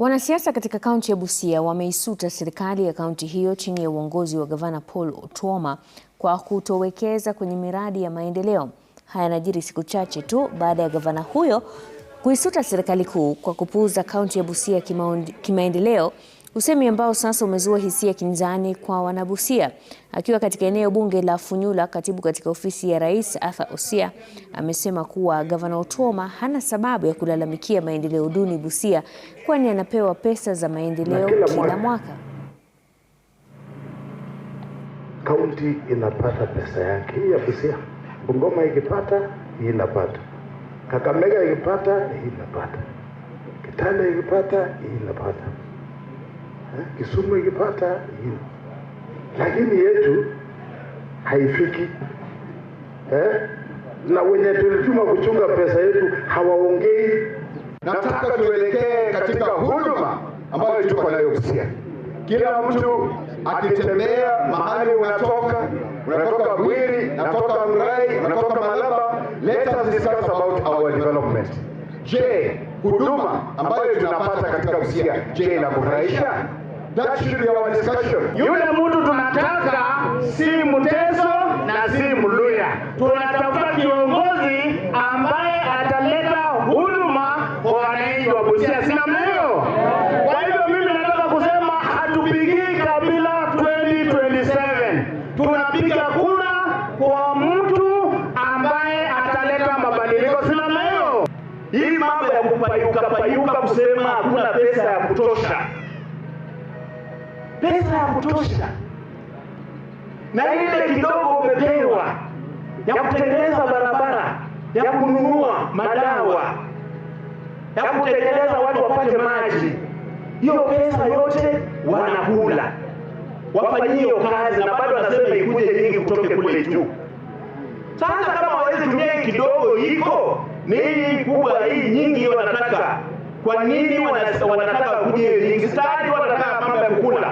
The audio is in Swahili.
Wanasiasa katika kaunti ya Busia wameisuta serikali ya kaunti hiyo chini ya uongozi wa gavana Paul Otuoma kwa kutowekeza kwenye miradi ya maendeleo. Haya yanajiri siku chache tu baada ya gavana huyo kuisuta serikali kuu kwa kupuuza kaunti ya Busia kimaendeleo, usemi ambao sasa umezua hisia kinzani kwa Wanabusia. Akiwa katika eneo bunge la Funyula, katibu katika ofisi ya rais Arthur Osia amesema kuwa gavana Otoma hana sababu ya kulalamikia maendeleo duni Busia, kwani anapewa pesa za maendeleo kila, kila mwaka. Kaunti inapata pesa yake ya Busia, Bungoma ikipata inapata, Kakamega ikipata inapata, Kitale ikipata inapata, eh, Kisumu ikipata inapata lakini yetu haifiki eh? na wenye tulituma kuchunga pesa yetu hawaongei. Nataka tuelekee katika huduma ambayo tuko nayo Busia. Kila mtu akitembea mahali unatoka, unatoka Bwiri, unatoka Mrai, unatoka Malaba, let us discuss about our development. Je, huduma ambayo tunapata katika Busia, je, inakufurahisha? That should be our discussion. Yule mtu tunataka si Mteso na si Mluya, tunatafuta kiongozi ambaye ataleta huduma kwa wananchi wa Busia, si namna Kwa hivyo mimi nataka kusema hatupigii kabila 2027 tunapiga kura kwa mtu ambaye ataleta mabadiliko, si namna Hii mambo ya kupayuka payuka kusema hakuna pesa ya kutosha pesa ya kutosha, na ile kidogo umepewa ya kutengeneza barabara, ya kununua madawa, ya kutengeneza watu wapate maji, hiyo pesa yote wanakula wafanyie kazi na bado anasema ikuje nyingi kutoke kule juu. Sasa kama hawezi tumia kidogo iko ni hii kubwa hii nyingi wanataka, kwa nini wanataka kuje nyingi? Stadi wanataka mambo ya kukula.